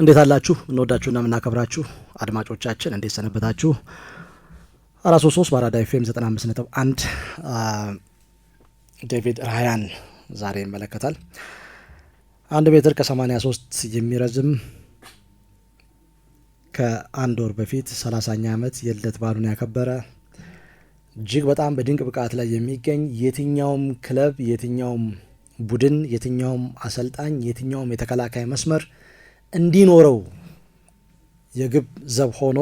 እንዴት አላችሁ? እንወዳችሁና የምናከብራችሁ አድማጮቻችን እንዴት ሰነበታችሁ? አራት ሶስት ሶስት በአራዳ ኤፍ ኤም ዘጠና አምስት ነጥብ አንድ ዴቪድ ራያን ዛሬ ይመለከታል። አንድ ሜትር ከሰማኒያ ሶስት የሚረዝም ከአንድ ወር በፊት ሰላሳኛ ዓመት የልደት በዓሉን ያከበረ እጅግ በጣም በድንቅ ብቃት ላይ የሚገኝ የትኛውም ክለብ፣ የትኛውም ቡድን፣ የትኛውም አሰልጣኝ፣ የትኛውም የተከላካይ መስመር እንዲኖረው የግብ ዘብ ሆኖ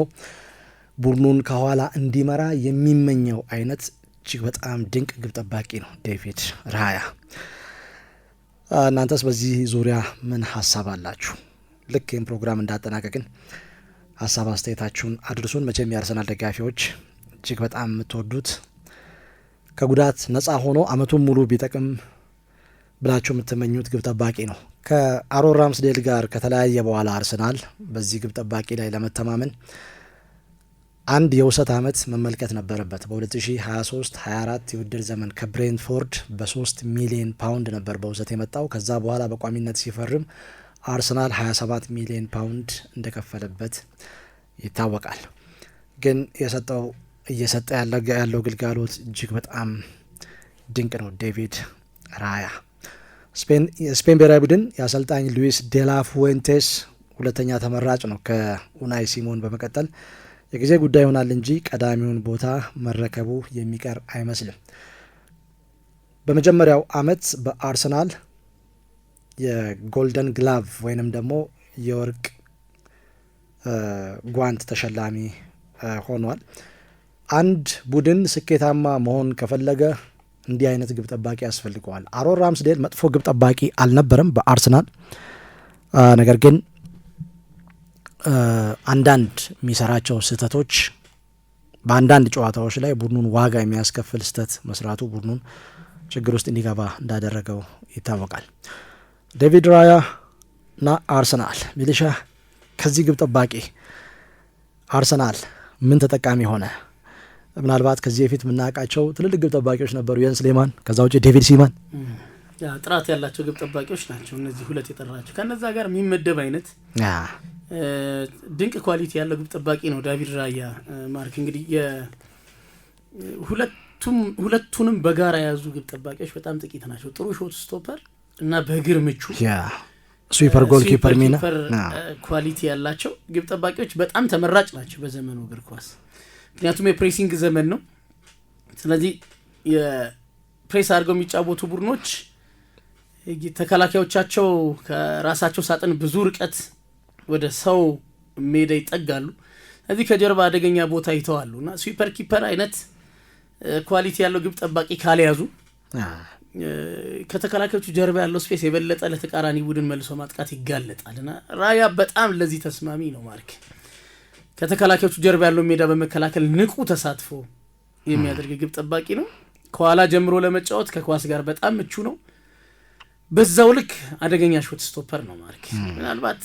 ቡድኑን ከኋላ እንዲመራ የሚመኘው አይነት እጅግ በጣም ድንቅ ግብ ጠባቂ ነው ዴቪድ ራያ። እናንተስ በዚህ ዙሪያ ምን ሀሳብ አላችሁ? ልክ ይህም ፕሮግራም እንዳጠናቀቅን ሀሳብ አስተያየታችሁን አድርሱን። መቼም የአርሰናል ደጋፊዎች እጅግ በጣም የምትወዱት ከጉዳት ነጻ ሆኖ አመቱን ሙሉ ቢጠቅም ብላችሁ የምትመኙት ግብ ጠባቂ ነው። ከአሮን ራምስዴል ጋር ከተለያየ በኋላ አርሰናል በዚህ ግብ ጠባቂ ላይ ለመተማመን አንድ የውሰት ዓመት መመልከት ነበረበት። በ2023 24 የውድድር ዘመን ከብሬንፎርድ በ3 ሚሊዮን ፓውንድ ነበር በውሰት የመጣው። ከዛ በኋላ በቋሚነት ሲፈርም አርሰናል 27 ሚሊዮን ፓውንድ እንደከፈለበት ይታወቃል። ግን የሰጠው እየሰጠ ያለው ግልጋሎት እጅግ በጣም ድንቅ ነው። ዴቪድ ራያ ስፔን ብሔራዊ ቡድን የአሰልጣኝ ሉዊስ ዴላ ፉዌንቴስ ሁለተኛ ተመራጭ ነው ከኡናይ ሲሞን በመቀጠል የጊዜ ጉዳይ ይሆናል እንጂ ቀዳሚውን ቦታ መረከቡ የሚቀር አይመስልም። በመጀመሪያው አመት በአርሰናል የጎልደን ግላቭ ወይንም ደግሞ የወርቅ ጓንት ተሸላሚ ሆኗል። አንድ ቡድን ስኬታማ መሆን ከፈለገ እንዲህ አይነት ግብ ጠባቂ ያስፈልገዋል። አሮን ራምስዴል መጥፎ ግብ ጠባቂ አልነበረም በአርሰናል ነገር ግን አንዳንድ የሚሰራቸው ስህተቶች በአንዳንድ ጨዋታዎች ላይ ቡድኑን ዋጋ የሚያስከፍል ስህተት መስራቱ ቡድኑን ችግር ውስጥ እንዲገባ እንዳደረገው ይታወቃል። ዴቪድ ራያ እና አርሰናል ሚሊሻ ከዚህ ግብ ጠባቂ አርሰናል ምን ተጠቃሚ ሆነ? ምናልባት ከዚህ በፊት የምናውቃቸው ትልልቅ ግብ ጠባቂዎች ነበሩ። የን ስሌማን፣ ከዛ ውጭ ዴቪድ ሲማን ጥራት ያላቸው ግብ ጠባቂዎች ናቸው። እነዚህ ሁለት የጠራቸው ከነዛ ጋር የሚመደብ አይነት ድንቅ ኳሊቲ ያለው ግብ ጠባቂ ነው ዳቪድ ራያ ማርክ። እንግዲህ ሁለቱንም በጋራ የያዙ ግብ ጠባቂዎች በጣም ጥቂት ናቸው። ጥሩ ሾት ስቶፐር እና በእግር ምቹ ስዊፐር ጎልኪፐር ሚና ኳሊቲ ያላቸው ግብ ጠባቂዎች በጣም ተመራጭ ናቸው በዘመኑ እግር ኳስ ምክንያቱም የፕሬሲንግ ዘመን ነው። ስለዚህ የፕሬስ አድርገው የሚጫወቱ ቡድኖች ተከላካዮቻቸው ከራሳቸው ሳጥን ብዙ ርቀት ወደ ሰው ሜዳ ይጠጋሉ። ስለዚህ ከጀርባ አደገኛ ቦታ ይተዋሉ እና ስዊፐር ኪፐር አይነት ኳሊቲ ያለው ግብ ጠባቂ ካልያዙ ከተከላካዮቹ ጀርባ ያለው ስፔስ የበለጠ ለተቃራኒ ቡድን መልሶ ማጥቃት ይጋለጣል እና ራያ በጣም ለዚህ ተስማሚ ነው ማርክ ከተከላካዮቹ ጀርባ ያለው ሜዳ በመከላከል ንቁ ተሳትፎ የሚያደርግ ግብ ጠባቂ ነው። ከኋላ ጀምሮ ለመጫወት ከኳስ ጋር በጣም ምቹ ነው። በዛው ልክ አደገኛ ሾት ስቶፐር ነው። ማርክ ምናልባት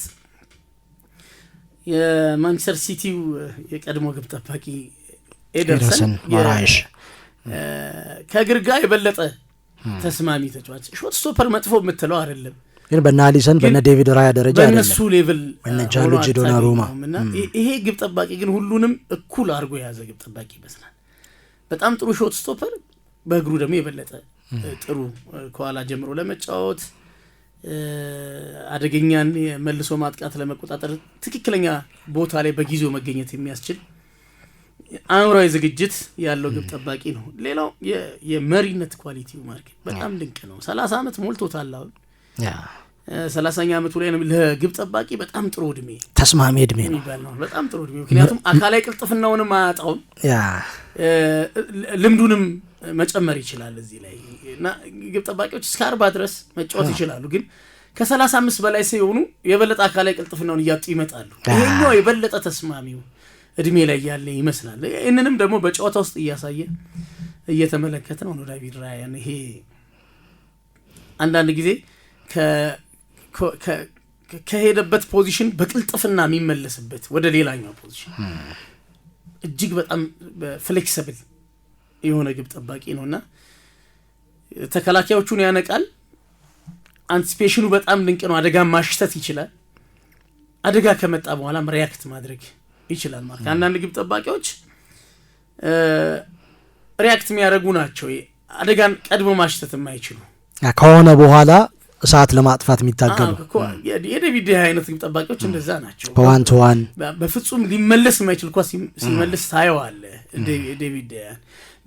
የማንቸስተር ሲቲው የቀድሞ ግብ ጠባቂ ኤደርሰን ከእግር ጋር የበለጠ ተስማሚ ተጫዋች ሾት ስቶፐር መጥፎ የምትለው አይደለም። ግን በነ አሊሰን በነ ዴቪድ ራያ ደረጃ በእነሱ ሌቭል ቻሎች ሮማ ይሄ ግብ ጠባቂ ግን ሁሉንም እኩል አድርጎ የያዘ ግብ ጠባቂ ይመስላል። በጣም ጥሩ ሾት ስቶፐር፣ በእግሩ ደግሞ የበለጠ ጥሩ ከኋላ ጀምሮ ለመጫወት አደገኛን መልሶ ማጥቃት ለመቆጣጠር ትክክለኛ ቦታ ላይ በጊዜው መገኘት የሚያስችል አእምራዊ ዝግጅት ያለው ግብ ጠባቂ ነው። ሌላው የመሪነት ኳሊቲው ማርክ በጣም ድንቅ ነው። ሰላሳ ዓመት ሞልቶታል አሁን ሰላሳኛ ዓመቱ ላይ ለግብ ጠባቂ በጣም ጥሩ እድሜ ተስማሚ እድሜ ነው በጣም ጥሩ እድሜ ምክንያቱም አካላዊ ቅልጥፍናውንም አያጣውም ልምዱንም መጨመር ይችላል እዚህ ላይ እና ግብ ጠባቂዎች እስከ አርባ ድረስ መጫወት ይችላሉ ግን ከሰላሳ አምስት በላይ ሲሆኑ የበለጠ አካላዊ ቅልጥፍናውን እያጡ ይመጣሉ ይሄኛው የበለጠ ተስማሚው እድሜ ላይ ያለ ይመስላል ይህንንም ደግሞ በጨዋታ ውስጥ እያሳየ እየተመለከተ ነው ዳቪድ ራያን ይሄ አንዳንድ ጊዜ ከሄደበት ፖዚሽን በቅልጥፍና የሚመለስበት ወደ ሌላኛው ፖዚሽን እጅግ በጣም ፍሌክስብል የሆነ ግብ ጠባቂ ነው እና ተከላካዮቹን ያነቃል። አንቲስፔሽኑ በጣም ድንቅ ነው። አደጋ ማሽተት ይችላል። አደጋ ከመጣ በኋላም ሪያክት ማድረግ ይችላል ማለት አንዳንድ ግብ ጠባቂዎች ሪያክት የሚያደርጉ ናቸው። አደጋን ቀድሞ ማሽተት የማይችሉ ከሆነ በኋላ እሳት ለማጥፋት የሚታገሉ የዴቪድ አይነት ግብ ጠባቂዎች እንደዛ ናቸው። በዋን ቱ ዋን በፍጹም ሊመለስ የማይችል ኳስ ሲመለስ ታየዋለ። ዴቪድ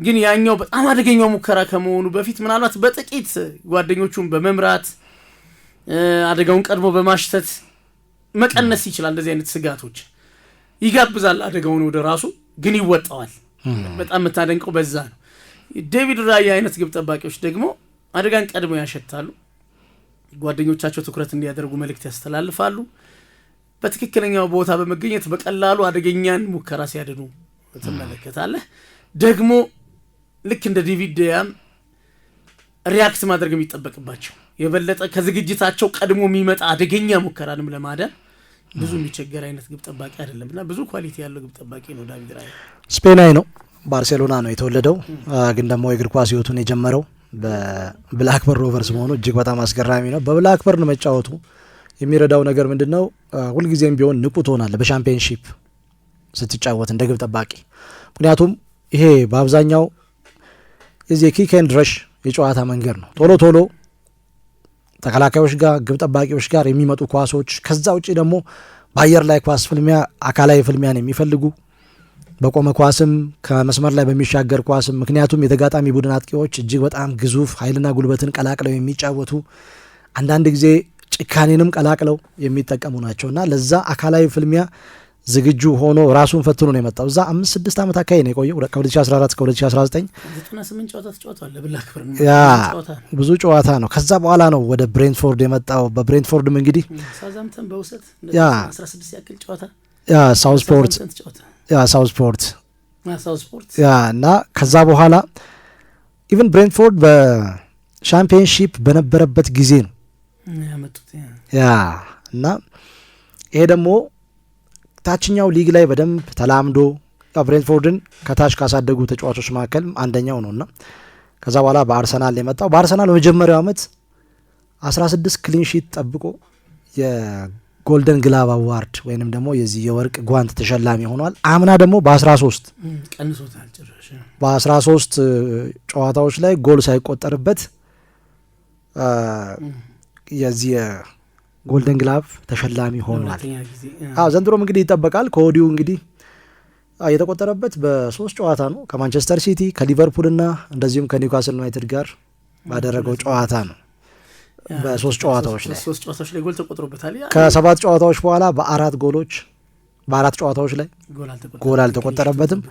ግን ያኛው በጣም አደገኛው ሙከራ ከመሆኑ በፊት ምናልባት በጥቂት ጓደኞቹን በመምራት አደጋውን ቀድሞ በማሽተት መቀነስ ይችላል። እንደዚህ አይነት ስጋቶች ይጋብዛል። አደጋውን ወደ ራሱ ግን ይወጣዋል። በጣም የምታደንቀው በዛ ነው። ዴቪድ ራያ አይነት ግብ ጠባቂዎች ደግሞ አደጋን ቀድሞ ያሸታሉ። ጓደኞቻቸው ትኩረት እንዲያደርጉ መልእክት ያስተላልፋሉ። በትክክለኛው ቦታ በመገኘት በቀላሉ አደገኛን ሙከራ ሲያድኑ ትመለከታለህ። ደግሞ ልክ እንደ ዴቪድ ደያም ሪያክት ማድረግ የሚጠበቅባቸው የበለጠ ከዝግጅታቸው ቀድሞ የሚመጣ አደገኛ ሙከራንም ለማዳን ብዙ የሚቸገር አይነት ግብ ጠባቂ አይደለም እና ብዙ ኳሊቲ ያለው ግብ ጠባቂ ነው ዳቪድ ራያ። ስፔናዊ ነው፣ ባርሴሎና ነው የተወለደው፣ ግን ደግሞ የእግር ኳስ ህይወቱን የጀመረው በብላክበርን ሮቨርስ መሆኑ እጅግ በጣም አስገራሚ ነው። በብላክበርን መጫወቱ የሚረዳው ነገር ምንድን ነው? ሁልጊዜም ቢሆን ንቁ ትሆናለህ በሻምፒየንሺፕ ስትጫወት እንደ ግብ ጠባቂ። ምክንያቱም ይሄ በአብዛኛው የዚህ የኪክ ኤንድ ረሽ የጨዋታ መንገድ ነው። ቶሎ ቶሎ ተከላካዮች ጋር፣ ግብ ጠባቂዎች ጋር የሚመጡ ኳሶች፣ ከዛ ውጭ ደግሞ በአየር ላይ ኳስ ፍልሚያ፣ አካላዊ ፍልሚያን የሚፈልጉ በቆመ ኳስም ከመስመር ላይ በሚሻገር ኳስም ምክንያቱም የተጋጣሚ ቡድን አጥቂዎች እጅግ በጣም ግዙፍ ኃይልና ጉልበትን ቀላቅለው የሚጫወቱ አንዳንድ ጊዜ ጭካኔንም ቀላቅለው የሚጠቀሙ ናቸው እና ለዛ አካላዊ ፍልሚያ ዝግጁ ሆኖ ራሱን ፈትኖ ነው የመጣው። እዛ አምስት ስድስት ዓመት አካባቢ ነው የቆየው ከ2014 እስከ 2019 ያ ብዙ ጨዋታ ነው። ከዛ በኋላ ነው ወደ ብሬንትፎርድ የመጣው። በብሬንትፎርድም እንግዲህ ያ ሳውዝፖርት ሳውዝ ፖርት እና ከዛ በኋላ ኢቨን ብሬንትፎርድ በሻምፒየንሺፕ በነበረበት ጊዜ ነው ያ እና ይሄ ደግሞ ታችኛው ሊግ ላይ በደንብ ተላምዶ ብሬንትፎርድን ከታች ካሳደጉ ተጫዋቾች መካከል አንደኛው ነው እና ከዛ በኋላ በአርሰናል የመጣው በአርሰናል በመጀመሪያው ዓመት ስድስት ክሊንሺት ጠብቆ ጎልደን ግላቭ አዋርድ ወይንም ደግሞ የዚህ የወርቅ ጓንት ተሸላሚ ሆኗል። አምና ደግሞ በ13 በ13 ጨዋታዎች ላይ ጎል ሳይቆጠርበት የዚህ የጎልደን ግላቭ ተሸላሚ ሆኗል። አዎ ዘንድሮም እንግዲህ ይጠበቃል። ከወዲሁ እንግዲህ የተቆጠረበት በሶስት ጨዋታ ነው። ከማንቸስተር ሲቲ ከሊቨርፑልና እንደዚሁም ከኒውካስል ዩናይትድ ጋር ባደረገው ጨዋታ ነው። በሶስት ጨዋታዎች ላይ ሶስት ጨዋታዎች ላይ ጎል ተቆጥሮበታል። ከሰባት ጨዋታዎች በኋላ በአራት ጎሎች በአራት ጨዋታዎች ላይ ጎል አልተቆጠረበትም።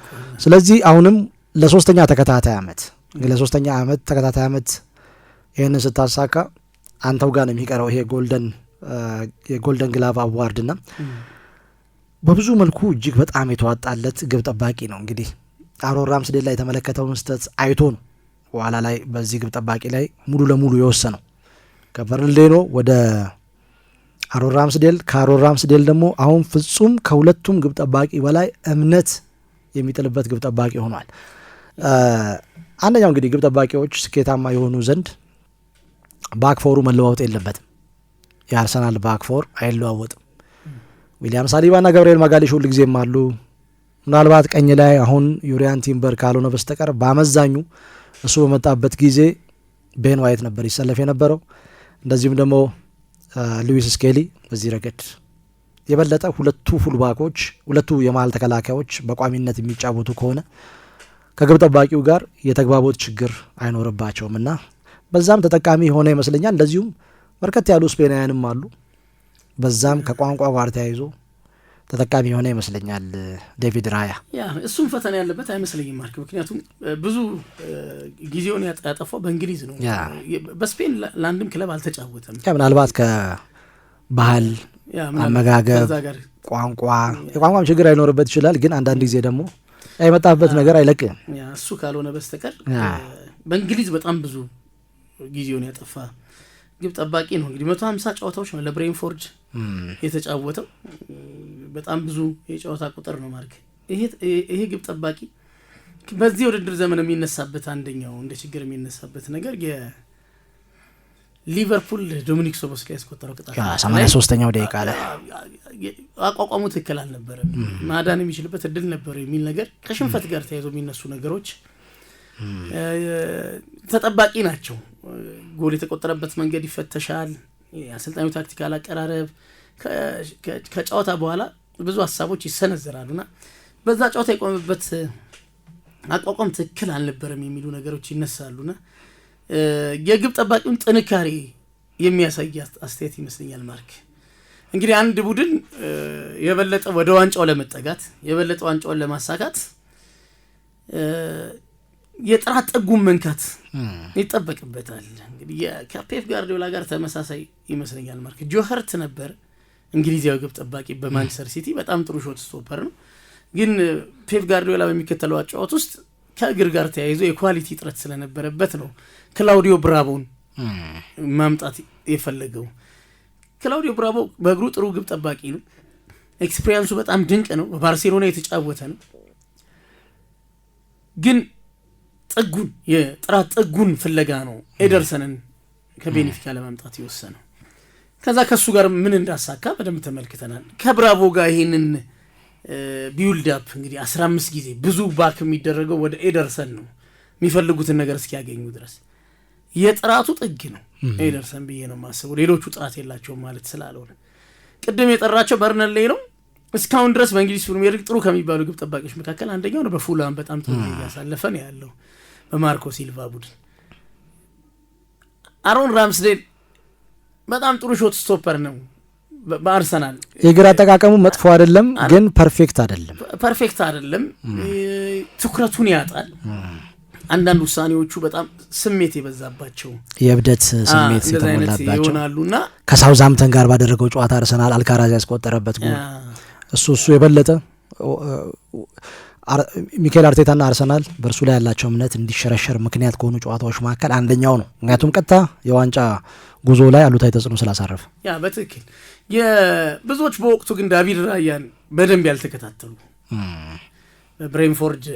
ስለዚህ አሁንም ለሶስተኛ ተከታታይ አመት ለሶስተኛ አመት ተከታታይ አመት ይህንን ስታሳካ አንተው ጋር ነው የሚቀረው ይሄ ጎልደን የጎልደን ግላቭ አዋርድ ና በብዙ መልኩ እጅግ በጣም የተዋጣለት ግብ ጠባቂ ነው። እንግዲህ አሮን ራምስዴል ላይ የተመለከተውን ስህተት አይቶ ነው በኋላ ላይ በዚህ ግብ ጠባቂ ላይ ሙሉ ለሙሉ የወሰነው። ከበርንሌኖ ወደ አሮን ራምስዴል፣ ከአሮን ራምስዴል ደግሞ አሁን ፍጹም ከሁለቱም ግብ ጠባቂ በላይ እምነት የሚጥልበት ግብ ጠባቂ ሆኗል። አንደኛው እንግዲህ ግብ ጠባቂዎች ስኬታማ የሆኑ ዘንድ ባክፎሩ መለዋወጥ የለበትም። የአርሰናል ባክፎር አይለዋወጥም። ዊሊያም ሳሊባና ገብርኤል ማጋሊሽ ሁል ጊዜም አሉ። ምናልባት ቀኝ ላይ አሁን ዩሪያን ቲምበር ካልሆነ በስተቀር በአመዛኙ እሱ በመጣበት ጊዜ ቤን ዋይት ነበር ይሰለፍ የነበረው። እንደዚሁም ደግሞ ሉዊስ ስኬሊ በዚህ ረገድ የበለጠ ሁለቱ ፉልባኮች ሁለቱ የመሀል ተከላካዮች በቋሚነት የሚጫወቱ ከሆነ ከግብ ጠባቂው ጋር የተግባቦት ችግር አይኖርባቸውም እና በዛም ተጠቃሚ የሆነ ይመስለኛል። እንደዚሁም በርከት ያሉ ስፔናውያንም አሉ። በዛም ከቋንቋ ጋር ተያይዞ ተጠቃሚ የሆነ ይመስለኛል። ዴቪድ ራያ ያ እሱም ፈተና ያለበት አይመስለኝም ማርክ፣ ምክንያቱም ብዙ ጊዜውን ያጠፋው በእንግሊዝ ነው። በስፔን ለአንድም ክለብ አልተጫወተም። ምናልባት ከባህል አመጋገብ፣ ቋንቋ የቋንቋም ችግር አይኖርበት ይችላል። ግን አንዳንድ ጊዜ ደግሞ የመጣበት ነገር አይለቅም። እሱ ካልሆነ በስተቀር በእንግሊዝ በጣም ብዙ ጊዜውን ያጠፋ ግብ ጠባቂ ነው። እንግዲህ መቶ ሀምሳ ጨዋታዎች ነው ለብሬንፎርድ የተጫወተው በጣም ብዙ የጨዋታ ቁጥር ነው ማርክ። ይሄ ግብ ጠባቂ በዚህ ውድድር ዘመን የሚነሳበት አንደኛው እንደ ችግር የሚነሳበት ነገር የሊቨርፑል ዶሚኒክ ሶቦስላይ ላይ ያስቆጠረው ቅጣት ሰማንያ ሶስተኛው ደቂቃ ላይ አቋቋሙ ትክክል አልነበረም፣ ማዳን የሚችልበት እድል ነበር የሚል ነገር ከሽንፈት ጋር ተያይዞ የሚነሱ ነገሮች ተጠባቂ ናቸው። ጎል የተቆጠረበት መንገድ ይፈተሻል። የአሰልጣኙ ታክቲካል አቀራረብ ከጨዋታ በኋላ ብዙ ሀሳቦች ይሰነዘራሉና በዛ ጨዋታ የቆመበት አቋቋም ትክክል አልነበረም የሚሉ ነገሮች ይነሳሉና የግብ ጠባቂውን ጥንካሬ የሚያሳይ አስተያየት ይመስለኛል። ማርክ እንግዲህ አንድ ቡድን የበለጠ ወደ ዋንጫው ለመጠጋት የበለጠ ዋንጫውን ለማሳካት የጥራት ጠጉን መንካት ይጠበቅበታል። እንግዲህ ከፔፕ ጋርዲዮላ ጋር ተመሳሳይ ይመስለኛል። ማርክ ጆኸርት ነበር እንግሊዛዊ ግብ ጠባቂ በማንቸስተር ሲቲ በጣም ጥሩ ሾት ስቶፐር ነው። ግን ፔፕ ጋርዲዮላ በሚከተለው አጫወት ውስጥ ከእግር ጋር ተያይዞ የኳሊቲ እጥረት ስለነበረበት ነው ክላውዲዮ ብራቦን ማምጣት የፈለገው። ክላውዲዮ ብራቦ በእግሩ ጥሩ ግብ ጠባቂ ነው። ኤክስፔሪንሱ በጣም ድንቅ ነው። በባርሴሎና የተጫወተ ነው። ግን ጥጉን የጥራት ጥጉን ፍለጋ ነው ኤደርሰንን ከቤኔፊካ ለማምጣት የወሰነው። ከዛ ከእሱ ጋር ምን እንዳሳካ በደንብ ተመልክተናል። ከብራቮ ጋር ይሄንን ቢውልዳፕ እንግዲህ አስራ አምስት ጊዜ ብዙ ባክ የሚደረገው ወደ ኤደርሰን ነው የሚፈልጉትን ነገር እስኪያገኙ ድረስ የጥራቱ ጥግ ነው ኤደርሰን ብዬ ነው የማስበው። ሌሎቹ ጥራት የላቸውም ማለት ስላልሆነ ቅድም የጠራቸው በርነሌ ነው። እስካሁን ድረስ በእንግሊዝ ፕሪሚየር ሊግ ጥሩ ከሚባሉ ግብ ጠባቂዎች መካከል አንደኛው ነው። በፉላም በጣም ጥሩ እያሳለፈን ያለው በማርኮ ሲልቫ ቡድን አሮን ራምስዴል በጣም ጥሩ ሾት ስቶፐር ነው። በአርሰናል የግራ አጠቃቀሙ መጥፎ አይደለም፣ ግን ፐርፌክት አይደለም። ፐርፌክት አይደለም፣ ትኩረቱን ያጣል። አንዳንድ ውሳኔዎቹ በጣም ስሜት የበዛባቸው የእብደት ስሜት የተሞላባቸው ይሆናሉ እና ከሳውዛምተን ጋር ባደረገው ጨዋታ አርሰናል አልካራዝ ያስቆጠረበት ጎል እሱ እሱ የበለጠ ሚካኤል አርቴታና አርሰናል በእርሱ ላይ ያላቸው እምነት እንዲሸረሸር ምክንያት ከሆኑ ጨዋታዎች መካከል አንደኛው ነው። ምክንያቱም ቀጥታ የዋንጫ ጉዞ ላይ አሉታዊ ተጽዕኖ ስላሳረፈ ያ በትክክል ብዙዎች በወቅቱ ግን ዳቪድ ራያን በደንብ ያልተከታተሉ ብሬንፎርድ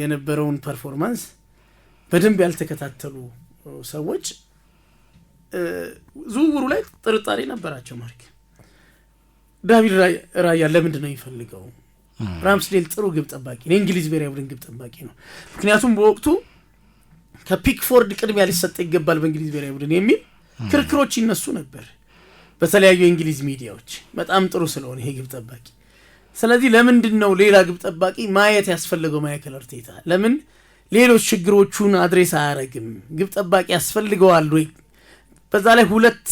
የነበረውን ፐርፎርማንስ በደንብ ያልተከታተሉ ሰዎች ዝውውሩ ላይ ጥርጣሬ ነበራቸው። ማርክ ዳቪድ ራያን ለምንድን ነው የሚፈልገው? ራምስዴል ጥሩ ግብ ጠባቂ ነው፣ የእንግሊዝ ብሔራዊ ቡድን ግብ ጠባቂ ነው። ምክንያቱም በወቅቱ ከፒክፎርድ ቅድሚያ ሊሰጠ ይገባል በእንግሊዝ ብሔራዊ ቡድን የሚል ክርክሮች ይነሱ ነበር በተለያዩ የእንግሊዝ ሚዲያዎች። በጣም ጥሩ ስለሆነ ይሄ ግብ ጠባቂ። ስለዚህ ለምንድን ነው ሌላ ግብ ጠባቂ ማየት ያስፈልገው? ማይክል አርቴታ ለምን ሌሎች ችግሮቹን አድሬስ አያረግም? ግብ ጠባቂ ያስፈልገዋል ወይ? በዛ ላይ ሁለት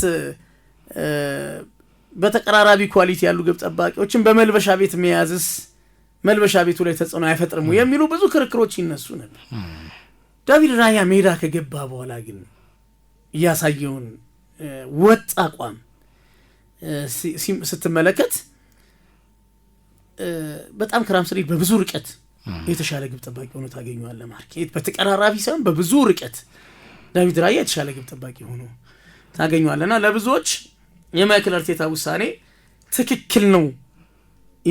በተቀራራቢ ኳሊቲ ያሉ ግብ ጠባቂዎችን በመልበሻ ቤት መያዝስ መልበሻ ቤቱ ላይ ተጽዕኖ አይፈጥርም የሚሉ ብዙ ክርክሮች ይነሱ ነበር። ዳቪድ ራያ ሜዳ ከገባ በኋላ ግን እያሳየውን ወጥ አቋም ስትመለከት በጣም ከራምስዴል በብዙ ርቀት የተሻለ ግብ ጠባቂ ሆኖ ታገኘዋለ። ማርኬት በተቀራራቢ ሳይሆን በብዙ ርቀት ዳዊት ራያ የተሻለ ግብ ጠባቂ ሆኖ ታገኘዋለና ለብዙዎች የማይክል አርቴታ ውሳኔ ትክክል ነው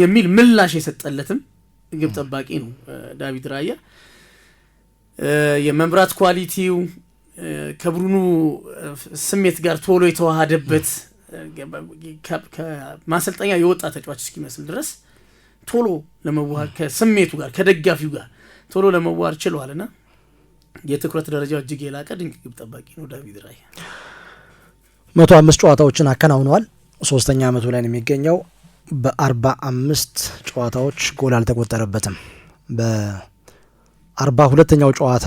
የሚል ምላሽ የሰጠለትም ግብ ጠባቂ ነው ዳዊት ራያ የመምራት ኳሊቲው ከቡድኑ ስሜት ጋር ቶሎ የተዋሃደበት ማሰልጠኛ የወጣ ተጫዋች እስኪመስል ድረስ ቶሎ ለመዋሃድ ከስሜቱ ጋር ከደጋፊው ጋር ቶሎ ለመዋሃድ ችለዋል የትኩረት ደረጃው እጅግ የላቀ ድንቅ ግብ ጠባቂ ነው ዳቪድ ራይ መቶ አምስት ጨዋታዎችን አከናውነዋል። ሶስተኛ አመቱ ላይ ነው የሚገኘው። በአርባ አምስት ጨዋታዎች ጎል አልተቆጠረበትም። በአርባ ሁለተኛው ጨዋታ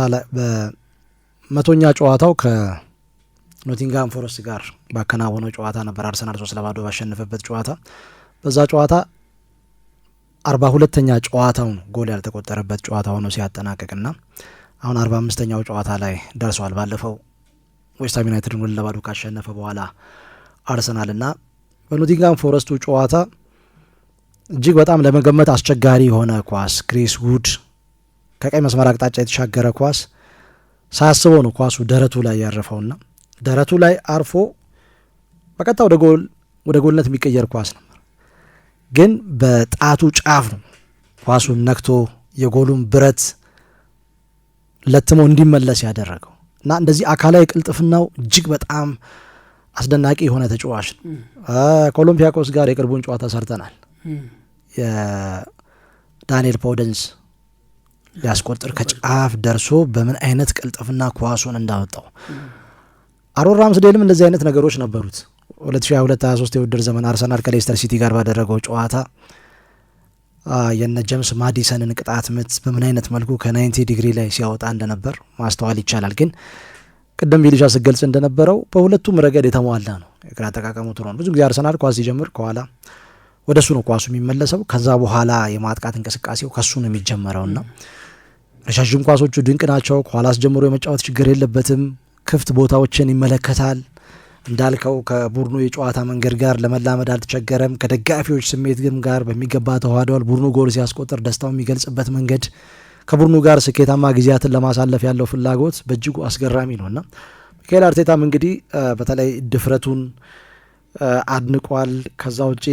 መቶኛ ጨዋታው ከኖቲንጋም ፎረስት ጋር ባከናወነው ጨዋታ ነበር። አርሰናል ሶስት ለባዶ ባሸነፈበት ጨዋታ በዛ ጨዋታ አርባ ሁለተኛ ጨዋታውን ጎል ያልተቆጠረበት ጨዋታ ሆኖ ሲያጠናቅቅና አሁን አርባ አምስተኛው ጨዋታ ላይ ደርሷል። ባለፈው ዌስትሃም ዩናይትድን ሁለት ለባዶ ካሸነፈ በኋላ አርሰናልና በኖቲንጋም ፎረስቱ ጨዋታ እጅግ በጣም ለመገመት አስቸጋሪ የሆነ ኳስ ግሬስ ውድ ከቀይ መስመር አቅጣጫ የተሻገረ ኳስ ሳያስበው ነው ኳሱ ደረቱ ላይ ያረፈውና ደረቱ ላይ አርፎ በቀጥታ ወደ ጎል ወደ ጎልነት የሚቀየር ኳስ ነበር፣ ግን በጣቱ ጫፍ ነው ኳሱን ነክቶ የጎሉን ብረት ለትሞ እንዲመለስ ያደረገው እና እንደዚህ አካላዊ ቅልጥፍናው እጅግ በጣም አስደናቂ የሆነ ተጫዋች ነው። ከኦሎምፒያኮስ ጋር የቅርቡን ጨዋታ ሰርተናል። የዳንኤል ፖደንስ ሊያስቆጥር ከጫፍ ደርሶ በምን አይነት ቅልጥፍና ኳሱን እንዳወጣው አሮን ራምስዴልም እንደዚህ አይነት ነገሮች ነበሩት። 2022/23 የውድድር ዘመን አርሰናል ከሌስተር ሲቲ ጋር ባደረገው ጨዋታ የነ ጀምስ ማዲሰንን ቅጣት ምት በምን አይነት መልኩ ከ90 ዲግሪ ላይ ሲያወጣ እንደነበር ማስተዋል ይቻላል። ግን ቅድም ቢልሻ ስገልጽ እንደነበረው በሁለቱም ረገድ የተሟላ ነው። የግራ አጠቃቀሙ ጥሩ ነው። ብዙ ጊዜ አርሰናል ኳስ ሲጀምር ከኋላ ወደ እሱ ነው ኳሱ የሚመለሰው። ከዛ በኋላ የማጥቃት እንቅስቃሴው ከሱ ነው የሚጀመረውና ረዣዥም ኳሶቹ ድንቅ ናቸው። ከኋላ አስጀምሮ የመጫወት ችግር የለበትም። ክፍት ቦታዎችን ይመለከታል። እንዳልከው ከቡድኑ የጨዋታ መንገድ ጋር ለመላመድ አልተቸገረም። ከደጋፊዎች ስሜት ግን ጋር በሚገባ ተዋህደዋል። ቡድኑ ጎል ሲያስቆጥር ደስታው የሚገልጽበት መንገድ፣ ከቡድኑ ጋር ስኬታማ ጊዜያትን ለማሳለፍ ያለው ፍላጎት በእጅጉ አስገራሚ ነውና ሚካኤል አርቴታም እንግዲህ በተለይ ድፍረቱን አድንቋል። ከዛ ውጪ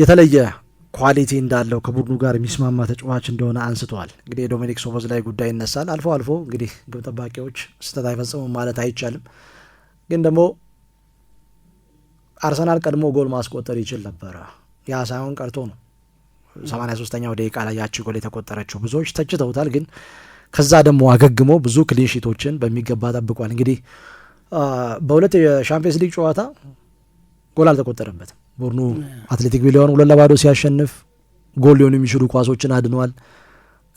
የተለየ ኳሊቲ እንዳለው ከቡድኑ ጋር የሚስማማ ተጫዋች እንደሆነ አንስተዋል። እንግዲህ የዶሚኒክ ሶቦዝ ላይ ጉዳይ ይነሳል። አልፎ አልፎ እንግዲህ ግብ ጠባቂዎች ስህተት አይፈጽሙም ማለት አይቻልም። ግን ደግሞ አርሰናል ቀድሞ ጎል ማስቆጠር ይችል ነበረ። ያ ሳይሆን ቀርቶ ነው 83 ሶስተኛው ደቂቃ ላይ ያቺ ጎል የተቆጠረችው። ብዙዎች ተችተውታል። ግን ከዛ ደግሞ አገግሞ ብዙ ክሊንሺቶችን በሚገባ ጠብቋል። እንግዲህ በሁለት የሻምፒየንስ ሊግ ጨዋታ ጎል አልተቆጠረበትም። ቦርኖ አትሌቲክ ቢሊዮን ሁለት ለባዶ ሲያሸንፍ ጎል ሊሆኑ የሚችሉ ኳሶችን አድኗል።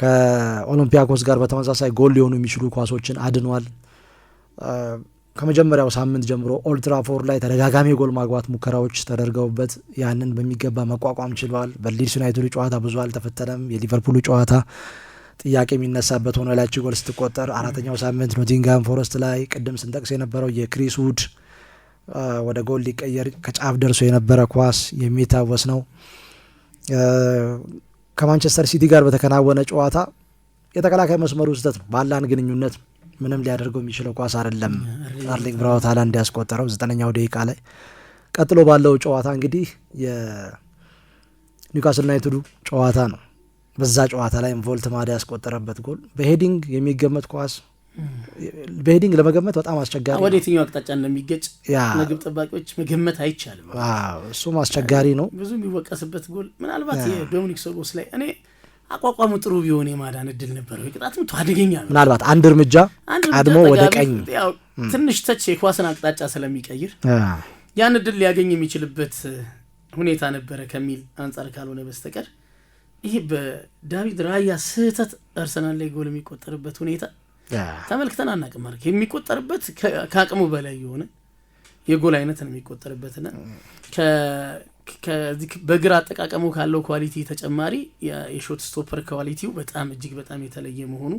ከኦሎምፒያኮስ ጋር በተመሳሳይ ጎል ሊሆኑ የሚችሉ ኳሶችን አድኗል። ከመጀመሪያው ሳምንት ጀምሮ ኦልድ ላይ ተደጋጋሚ የጎል ማግባት ሙከራዎች ተደርገውበት ያንን በሚገባ መቋቋም ችሏል። በሊድስ ዩናይትዱ ጨዋታ ብዙ አልተፈተነም። የሊቨርፑሉ ጨዋታ ጥያቄ የሚነሳበት ሆኖ ላቺ ጎል ስትቆጠር፣ አራተኛው ሳምንት ኖቲንጋም ፎረስት ላይ ቅድም ስንጠቅስ የነበረው የክሪስ ውድ ወደ ጎል ሊቀየር ከጫፍ ደርሶ የነበረ ኳስ የሚታወስ ነው። ከማንቸስተር ሲቲ ጋር በተከናወነ ጨዋታ የተከላካይ መስመሩ ስህተት ነው። ባላን ግንኙነት ምንም ሊያደርገው የሚችለው ኳስ አይደለም። አርሊንግ ብራውት ሃላንድ ያስቆጠረው ዘጠነኛው ደቂቃ ላይ። ቀጥሎ ባለው ጨዋታ እንግዲህ የኒውካስል ዩናይትዱ ጨዋታ ነው። በዛ ጨዋታ ላይ ቮልት ማዳ ያስቆጠረበት ጎል በሄዲንግ የሚገመት ኳስ በሄዲንግ ለመገመት በጣም አስቸጋሪ ወደ የትኛው አቅጣጫ እንደሚገጭ ምግብ ጠባቂዎች መገመት አይቻልም። እሱም አስቸጋሪ ነው። ብዙ የሚወቀስበት ጎል ምናልባት የዶሚኒክ ሶቦስ ላይ እኔ አቋቋሙ ጥሩ ቢሆን የማዳን እድል ነበረው። የቅጣት አደገኛ ነው። ምናልባት አንድ እርምጃ ቀድሞ ወደ ቀኝ ትንሽ ተች የኳስን አቅጣጫ ስለሚቀይር ያን እድል ሊያገኝ የሚችልበት ሁኔታ ነበረ ከሚል አንጻር ካልሆነ በስተቀር ይሄ በዳቪድ ራያ ስህተት አርሰናል ላይ ጎል የሚቆጠርበት ሁኔታ ተመልክተን አናቅም። የሚቆጠርበት ከአቅሙ በላይ የሆነ የጎል አይነት ነው የሚቆጠርበትና በግራ አጠቃቀሙ ካለው ኳሊቲ ተጨማሪ የሾት ስቶፐር ኳሊቲው በጣም እጅግ በጣም የተለየ መሆኑ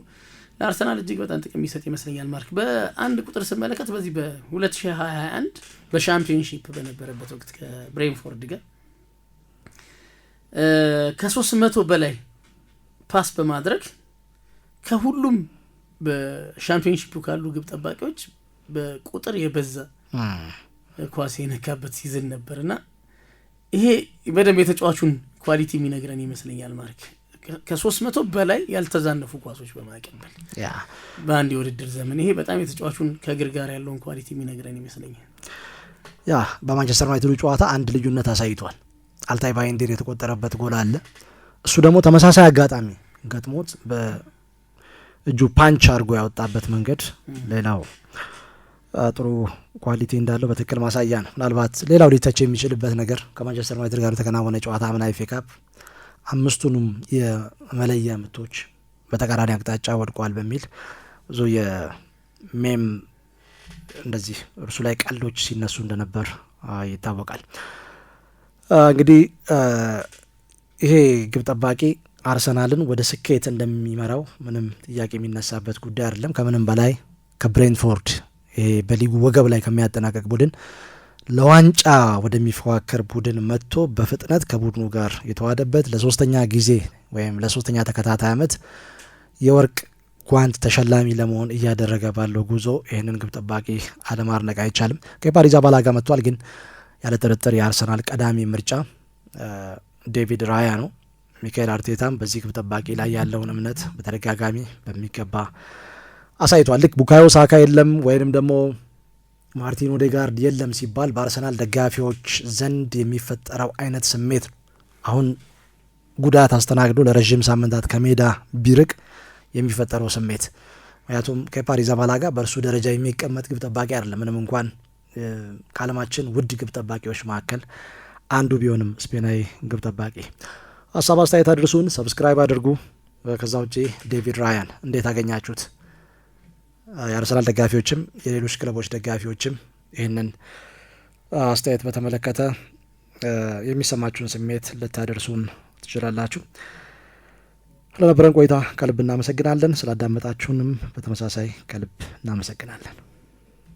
ለአርሰናል እጅግ በጣም ጥቅም ይሰጥ ይመስለኛል። ማርክ በአንድ ቁጥር ስመለከት በዚህ በ2021 በሻምፒዮንሺፕ በነበረበት ወቅት ከብሬንፎርድ ጋር ከ300 በላይ ፓስ በማድረግ ከሁሉም በሻምፒዮንሺፑ ካሉ ግብ ጠባቂዎች በቁጥር የበዛ ኳስ የነካበት ሲዝን ነበር እና ይሄ በደንብ የተጫዋቹን ኳሊቲ የሚነግረን ይመስለኛል። ማርክ ከሶስት መቶ በላይ ያልተዛነፉ ኳሶች በማቀበል በአንድ የውድድር ዘመን ይሄ በጣም የተጫዋቹን ከእግር ጋር ያለውን ኳሊቲ የሚነግረን ይመስለኛል። ያ በማንቸስተር ዩናይትዱ ጨዋታ አንድ ልዩነት አሳይቷል። አልታይ ባይንዴር የተቆጠረበት ጎል አለ። እሱ ደግሞ ተመሳሳይ አጋጣሚ ገጥሞት እጁ ፓንች አድርጎ ያወጣበት መንገድ ሌላው ጥሩ ኳሊቲ እንዳለው በትክክል ማሳያ ነው። ምናልባት ሌላው ሊተች የሚችልበት ነገር ከማንቸስተር ዩናይትድ ጋር የተከናወነ ጨዋታ ምን ኤፍ ኤ ካፕ አምስቱንም የመለያ ምቶች በተቃራኒ አቅጣጫ ወድቋል በሚል ብዙ የሜም እንደዚህ እርሱ ላይ ቀልዶች ሲነሱ እንደነበር ይታወቃል። እንግዲህ ይሄ ግብ ጠባቂ አርሰናልን ወደ ስኬት እንደሚመራው ምንም ጥያቄ የሚነሳበት ጉዳይ አይደለም። ከምንም በላይ ከብሬንትፎርድ በሊጉ ወገብ ላይ ከሚያጠናቀቅ ቡድን ለዋንጫ ወደሚፎካከር ቡድን መጥቶ በፍጥነት ከቡድኑ ጋር የተዋደበት ለሶስተኛ ጊዜ ወይም ለሶስተኛ ተከታታይ ዓመት የወርቅ ጓንት ተሸላሚ ለመሆን እያደረገ ባለው ጉዞ ይህንን ግብ ጠባቂ አለማድነቅ አይቻልም። ከፓሪዝ አባላ ጋር መጥቷል፣ ግን ያለ ጥርጥር የአርሰናል ቀዳሚ ምርጫ ዴቪድ ራያ ነው። ሚካኤል አርቴታም በዚህ ግብ ጠባቂ ላይ ያለውን እምነት በተደጋጋሚ በሚገባ አሳይቷል። ልክ ቡካዮ ሳካ የለም ወይንም ደግሞ ማርቲን ኦዴጋርድ የለም ሲባል በአርሰናል ደጋፊዎች ዘንድ የሚፈጠረው አይነት ስሜት ነው። አሁን ጉዳት አስተናግዶ ለረዥም ሳምንታት ከሜዳ ቢርቅ የሚፈጠረው ስሜት ምክንያቱም ከፓሪ ጋር በእርሱ ደረጃ የሚቀመጥ ግብ ጠባቂ አይደለም። ምንም እንኳን ከዓለማችን ውድ ግብ ጠባቂዎች መካከል አንዱ ቢሆንም ስፔናዊ ግብ ጠባቂ ሀሳብ አስተያየት አድርሱን፣ ሰብስክራይብ አድርጉ። ከዛ ውጪ ዴቪድ ራያን እንዴት አገኛችሁት? የአርሰናል ደጋፊዎችም የሌሎች ክለቦች ደጋፊዎችም ይህንን አስተያየት በተመለከተ የሚሰማችሁን ስሜት ልታደርሱን ትችላላችሁ። ለነበረን ቆይታ ከልብ እናመሰግናለን። ስላዳመጣችሁንም በተመሳሳይ ከልብ እናመሰግናለን።